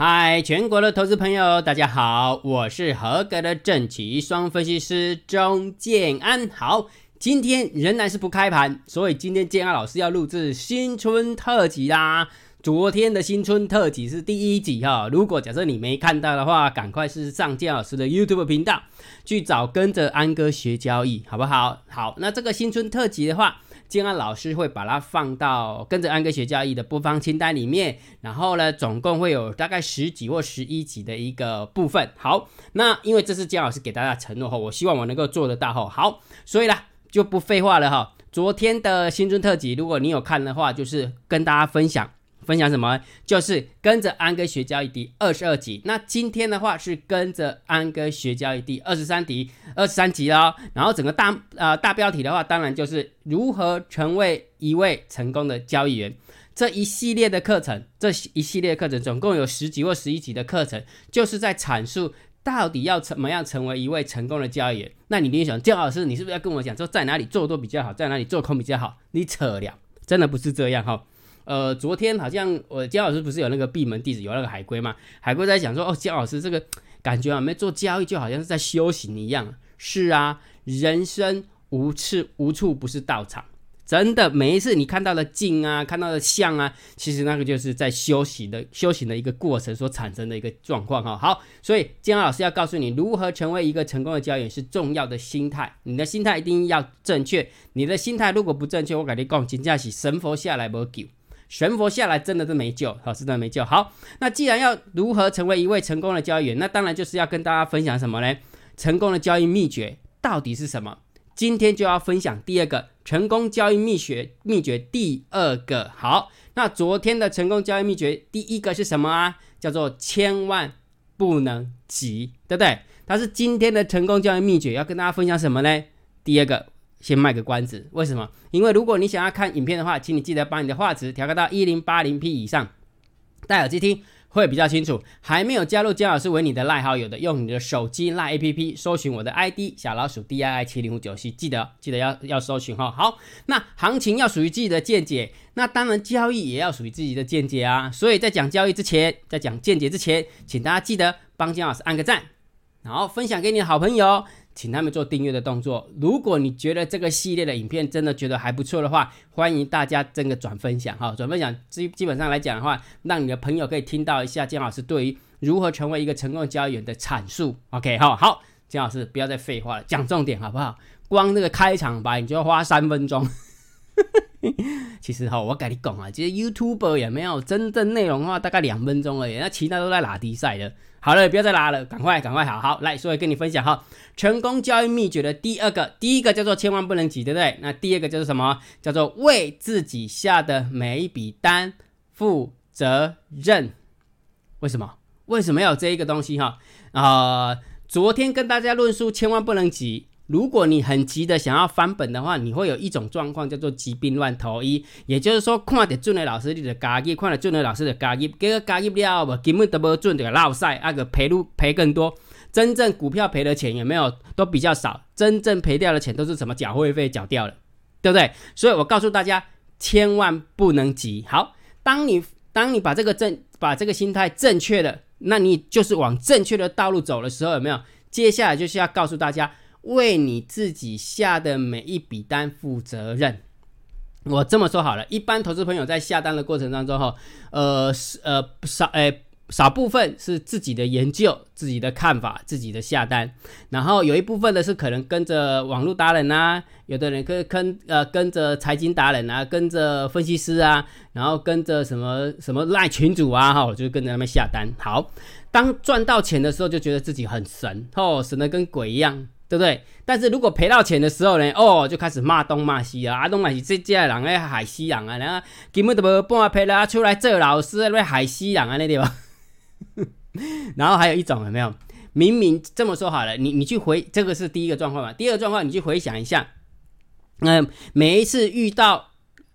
嗨，全國的投資朋友，大家好，我是合格的證期雙分析師鍾建安。好，今天仍然是不開盤，所以今天建安老師要錄製新春特輯啦。昨天的新春特輯是第一集哈、哦，如果假設你沒看到的話，趕快是上建老師的 YouTube 頻道去找跟着安哥學交易，好不好？好，那這個新春特輯的話。建安老師會把它放到跟着安哥學交易的播放清單裡面，然後呢，總共會有大概十幾或十一集的一個部分。好，那因為這是建安老師給大家承諾哈，我希望我能夠做得到哈。好，所以啦，就不廢話了哈。昨天的新春特輯，如果你有看的話，就是跟大家分享。分享什麼？就是跟着安哥學交易第二十二集。那今天的話是跟着安哥學交易第二十三集，二十三集嘍、哦。然後整個大呃大標題的話，當然就是如何成為一位成功的交易員。這一系列的課程，這一系列的課程總共有十集或十一集的課程，就是在闡述到底要怎麼樣成為一位成功的交易員。那你聯想鄭老師，你是不是要跟我講說在哪裡做多比較好，在哪裡做空比較好？你扯了，真的不是這樣哈、哦。呃，昨天好像我姜老師不是有那個閉門弟子有那個海龜嗎？海龜在想說，哦，姜老師這個感覺啊，我們做交易就好像是在修行一樣。是啊，人生無處無處不是道場，真的，每一次你看到的境啊，看到的像啊，其實那個就是在修行的修行的一個過程所產生的一個狀況哈、哦。好，所以姜老師要告訴你，如何成為一個成功的交易員是重要的心態，你的心態一定要正確。你的心態如果不正確，我跟你講，簡直是神佛下來無救。玄佛下來真的是沒救，好，是真的沒救。好，那既然要如何成為一位成功的交易員，那當然就是要跟大家分享什麼呢？成功的交易秘訣到底是什麼？今天就要分享第二個成功交易秘，秘訣秘訣。第二個，好，那昨天的成功交易秘訣第一個是什麼啊？叫做千萬不能急，對不對？但是今天的成功交易秘訣，要跟大家分享什麼呢？第二個。先賣個關子，為什麼？因為如果你想要看影片的話，請你記得把你的畫質調高到一零八零 P 以上，戴耳機聽會比較清楚。還沒有加入江老師為你的賴好友的，用你的手機賴 APP 搜尋我的 ID 小老鼠 D I I 七零五九 C，記得記得要要搜尋哈、哦。好，那行情要屬於自己的見解，那當然交易也要屬於自己的見解啊。所以在講交易之前，在講見解之前，請大家記得幫江老師按個讚，然後分享給你的好朋友。請他們做訂閱的動作。如果你覺得這個系列的影片真的覺得還不錯的話，歡迎大家真的轉分享哈、哦，轉分享基基本上來講的話，讓你的朋友可以聽到一下建安老師對於如何成為一個成功交易員的闡述。OK，好、哦、好，建安老師不要再廢話了，講重點好不好？光那個開場白你就要花三分鐘。 其實哈，我跟你講啊，其實 YouTube 也沒有真正內容的話，大概兩分鐘而已。那其他都在拉低賽的。好了，不要再拉了，趕快，趕快，好好來，所以跟你分享哈，成功交易秘訣的第二個，第一個叫做千萬不能急，對不對？那第二個叫做什麼？叫做為自己下的每一筆單負責任。為什麼？為什麼要有這一個東西哈？啊、呃，昨天跟大家論述千萬不能急。如果你很急的想要翻本的話，你會有一種狀況叫做“急病亂投醫”，也就是說，看了准杰老師的嘎易，看了准杰老師的嘎易，這個交易不了，根本都不準賺的撈曬，那個、啊、賠入賠更多。真正股票賠的錢有沒有都比較少，真正賠掉的錢都是什麼繳會費繳掉了，對不對？所以我告訴大家，千萬不能急。好，當你當你把這個正把這個心態正確的，那你就是往正確的道路走的時候，有沒有？接下來就是要告訴大家。為你自己下的每一筆單負責任。我這麼說好了，一般投資朋友在下單的過程當中，哈、呃，呃是呃少、欸、少部分是自己的研究、自己的看法、自己的下單，然後有一部分呢是可能跟着網絡達人啊，有的人可以跟跟呃跟着財經達人啊，跟着分析師啊，然後跟着什麼什麼賴群主啊，哈、哦，我就跟着他們下單。好，當賺到錢的時候，就覺得自己很神，哦，神的跟鬼一樣。對不對？但是如果賠到錢的時候呢？哦，就開始罵東罵西啊！阿東也西，這家人誒，海西人啊，人家根本都無半賠啦，出來做老師，勒海西人啊，那地方。 然後還有一種有沒有？明明這麼說好了，你你去回這個是第一個狀況嘛？第二個狀況你去回想一下，嗯，每一次遇到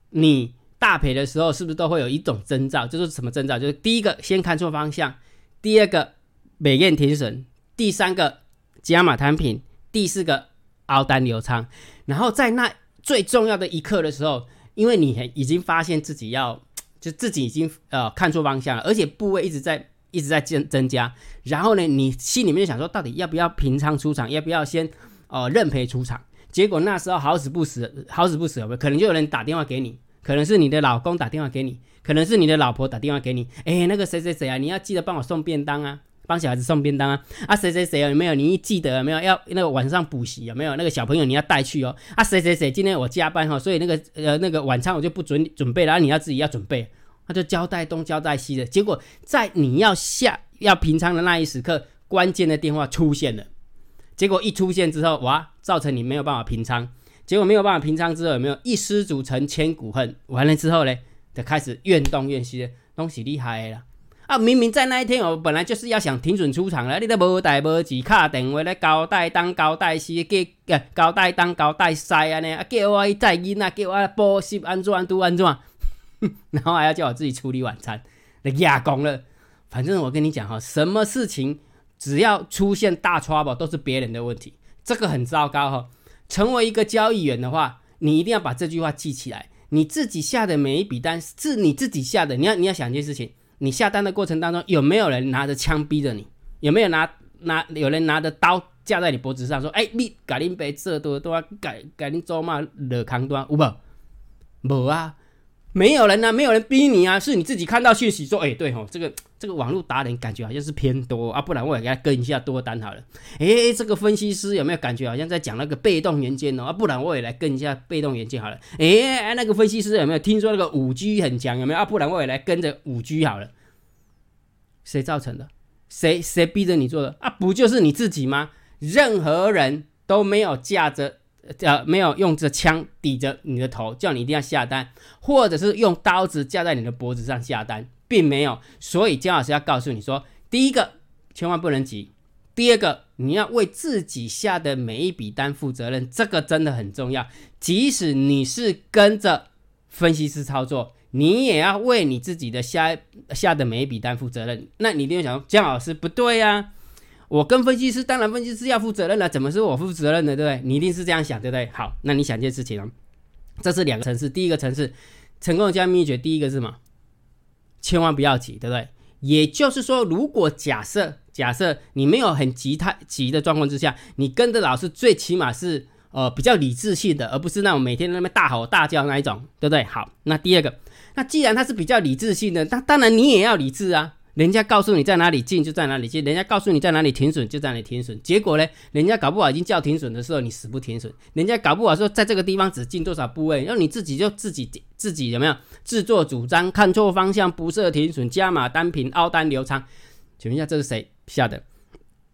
你大賠的時候，是不是都會有一種徵兆？就是什麼徵兆？就是第一個先看錯方向，第二個沒有停損，第三個加碼攤平。第四個熬單留倉，然後在那最重要的一刻的時候，因為你已經發現自己要就自己已經呃看錯方向了，而且部位一直在一直在增增加，然後呢，你心裡面想說，到底要不要平倉出場，要不要先呃認賠出場？結果那時候好死不死，好死不死，可能就有人打電話給你，可能是你的老公打電話給你，可能是你的老婆打電話給你，誒，那個誰誰誰啊，你要記得幫我送便當啊。幫小孩子送便當啊！啊，誰誰誰有沒有？你記得有沒有？要那個晚上補習有沒有？那個小朋友你要帶去哦！啊，誰誰誰今天我加班哦。所以那個呃那個晚餐，我就不準準備了、啊，你要自己要準備、啊。他就交代東交代西的，結果在你要下要平倉的那一時刻，關鍵的電話出現了。結果一出現之後，哇，造成你沒有辦法平倉。結果沒有辦法平倉之後，有沒有一失足成千古恨？完了之後呢，就開始怨東怨西的東西厲害了。啊、明明在那一天，我本來就是要想停准出場了，你都無帶無自卡當給、呃、啊，我帶我安裝安，裝安裝 然後還要叫我自己處理晚餐，你牙講了，反正我跟你講哈、哦，什麼事情只要出現大 trouble 都是別人的問題，這個很糟糕哈、哦。成為一個交易員的話，你一定要把這句話記起來，你自己下的每一筆單是你自己下的，你要你要想一件事情。你下單的過程當中，有沒有人拿着槍逼着你？有沒有拿拿有人拿着刀架在你脖子上說：“哎、欸，你改林白這多多，改改林做嘛惹康多，無？無啊，沒有人吶、啊，沒有人逼你啊，是你自己看到訊息說：“哎、欸，對吼、哦，這個。”這個網絡達人感覺好像是偏多、哦、啊，不然我也來跟一下多單好了。哎，這個分析師有沒有感覺好像在講那個被動元件哦？啊，不然我也來跟一下被動元件好了。哎，那個分析師有沒有聽說那個五 G 很強？有沒有啊？不然我也來跟着五 G 好了。誰造成的？誰誰逼着你做的啊？不就是你自己嗎？任何人都沒有架着呃，沒有用着槍抵着你的頭叫你一定要下單，或者是用刀子架在你的脖子上下單。並沒有，所以建安老師要告訴你說：第一個千萬不能急，第二個你要為自己下的每一筆單負責任，這個真的很重要。即使你是跟着分析師操作，你也要為你自己的下下的每一筆單負責任。那你一定會想，建安老師不對呀、啊，我跟分析師，當然分析師要負責任了，怎麼是我負責任的？對不對？你一定是這樣想，對不對？好，那你想一件事情，這是兩個層次。第一個層次，成功的交易秘訣，第一個是什麼？千萬不要急，對不對？也就是說，如果假設假設你沒有很急太急的狀況之下，你跟着老師最起碼是呃比較理智性的，而不是那種每天在那邊大吼大叫那一種，對不對？好，那第二個，那既然他是比較理智性的，那當然你也要理智啊。人家告訴你在哪裡進就在哪裡進，人家告訴你在哪裡停損就在哪裡停損。結果呢，人家搞不好已經叫停損的時候，你死不停損。人家搞不好說在這個地方只進多少部位，然後你自己就自己自己有沒有自作主張，看錯方向，不設停損，加碼單品，凹單留倉。請問一下，這是誰下的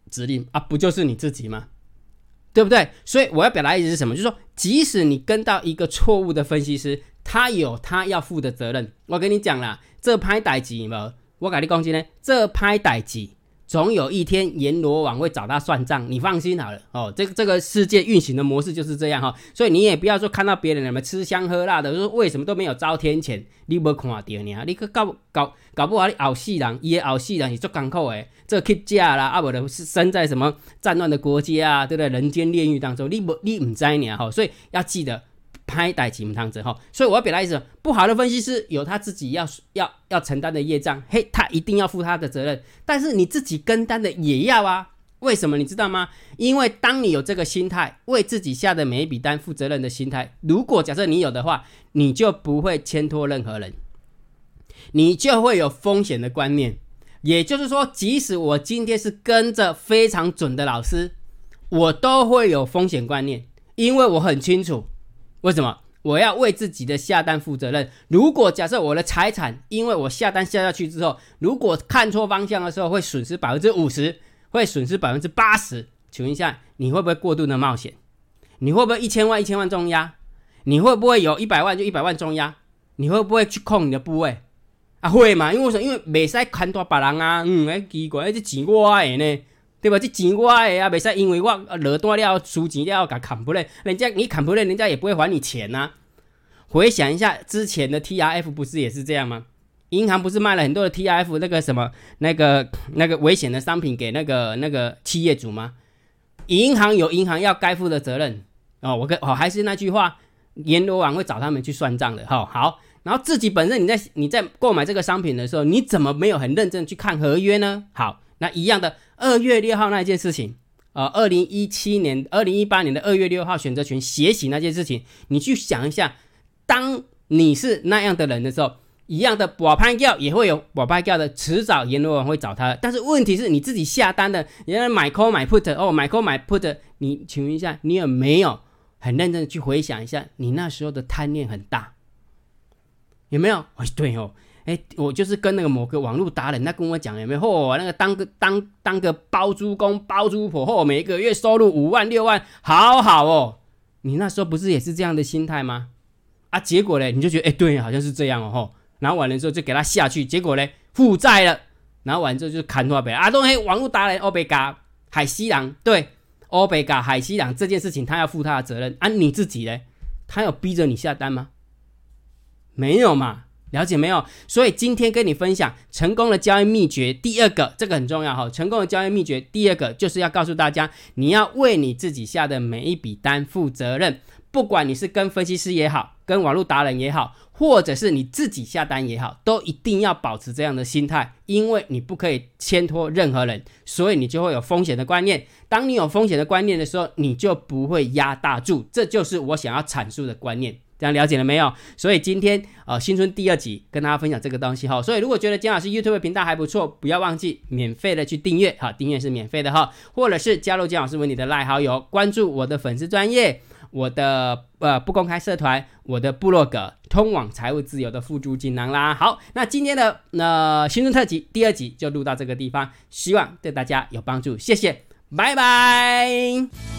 指令啊？不就是你自己嗎？對不對？所以我要表達意思是什麼？就是說，即使你跟到一個錯誤的分析師，他有他要負的責任。我跟你講啦，這拍歹幾毛。我甲你講，擊呢，這拍歹機，總有一天閻羅王會找他算賬。你放心好了，哦，這個、這個世界運行的模式就是這樣哦，所以你也不要說看到別人什麼吃香喝辣的，就是、說為什麼都沒有遭天譴，你不看到呢？你去搞搞搞不好你咬死人，也咬死人是足艱苦的，這乞丐啦，阿、啊、不的是生在什麼戰亂的國家啊，對不對？人間煉獄當中，你不你唔知呢哈、哦，所以要記得。拍在起姆湯之後，所以我要表達意思：不好的分析師有他自己要要要承擔的業障，嘿，他一定要負他的責任。但是你自己跟單的也要啊？為什麼？你知道嗎？因為當你有這個心態，為自己下的每一筆單負責任的心態，如果假設你有的話，你就不會牽拖任何人，你就會有風險的觀念。也就是說，即使我今天是跟着非常準的老師，我都會有風險觀念，因為我很清楚。為什麼我要為自己的下單負責任？如果假設我的財產，因為我下單下下去之後，如果看錯方向的時候，會損失百分之五十，會損失百分之八十。請問一下，你會不會過度的冒險？你會不會一千萬一千萬重壓？你會不會有一百萬就一百萬重壓？你會不會去控你的部位？啊，會嘛？因為,為什麼？因為沒事看多別人啊。嗯，哎奇怪，哎這錢我的呢？對吧？這錢我的啊，袂使因為我落單了，輸錢了，搞砍不嘞？人家你砍不嘞，人家也不會還你錢吶、啊。回想一下之前的 T R F 不是也是這樣嗎？銀行不是賣了很多的 T R F 那個什麼那個那個危險的商品給那個那個企業主嗎？銀行有銀行要該負的責任哦。我跟我，哦，還是那句話，閻羅王會找他們去算賬的哈，哦。好，然後自己本身你在你在購買這個商品的時候，你怎麼沒有很認真去看合約呢？好。那一樣的，二月六號那件事情，呃，二零一七年、二零一八年的二月六號選擇權血洗那件事情，你去想一下，當你是那樣的人的時候，一樣的我拍掉也會有我拍掉的，遲早閻羅王會找他。但是問題是你自己下單的，原來買 call 買 put 哦，買 call 買 put，你請問一下，你有沒有很認真的去回想一下，你那時候的貪念很大，有沒有？哦、哎，對哦。哎，我就是跟那個某個網絡達人，他跟我講有沒有嚯、哦，那個當個當當個包租公包租婆後、哦，每一個月收入五萬六萬，好好哦。你那時候不是也是這樣的心態嗎？啊，結果嘞，你就覺得哎，對，好像是這樣哦吼、哦。然後完了之後就給他下去，結果嘞，負債了。然後完了之後就砍他唄。啊，都嘿網絡達人歐貝嘎海西郎，對，歐貝嘎海西郎這件事情，他要負他的責任啊。你自己嘞，他有逼着你下單嗎？沒有嘛。了解沒有？所以今天跟你分享成功的交易秘訣。第二個，這個很重要哈、哦。成功的交易秘訣第二個就是要告訴大家，你要為你自己下的每一筆單負責任。不管你是跟分析師也好，跟網絡達人也好，或者是你自己下單也好，都一定要保持這樣的心態。因為你不可以牽拖任何人，所以你就會有風險的觀念。當你有風險的觀念的時候，你就不會壓大注。這就是我想要闡述的觀念。這樣了解了沒有？所以今天呃新春第二集跟大家分享這個東西哈、哦。所以如果覺得建安老師 YouTube 頻道還不錯，不要忘記免費的去訂閱好、哦、訂閱是免費的哈、哦。或者是加入建安老師為你的賴、LINE、好友，關注我的粉絲專頁，我的呃不公開社團，我的部落格，通往財務自由的付諸錦囊啦。好，那今天的那、呃、新春特輯第二集就錄到這個地方，希望對大家有幫助，謝謝，拜拜。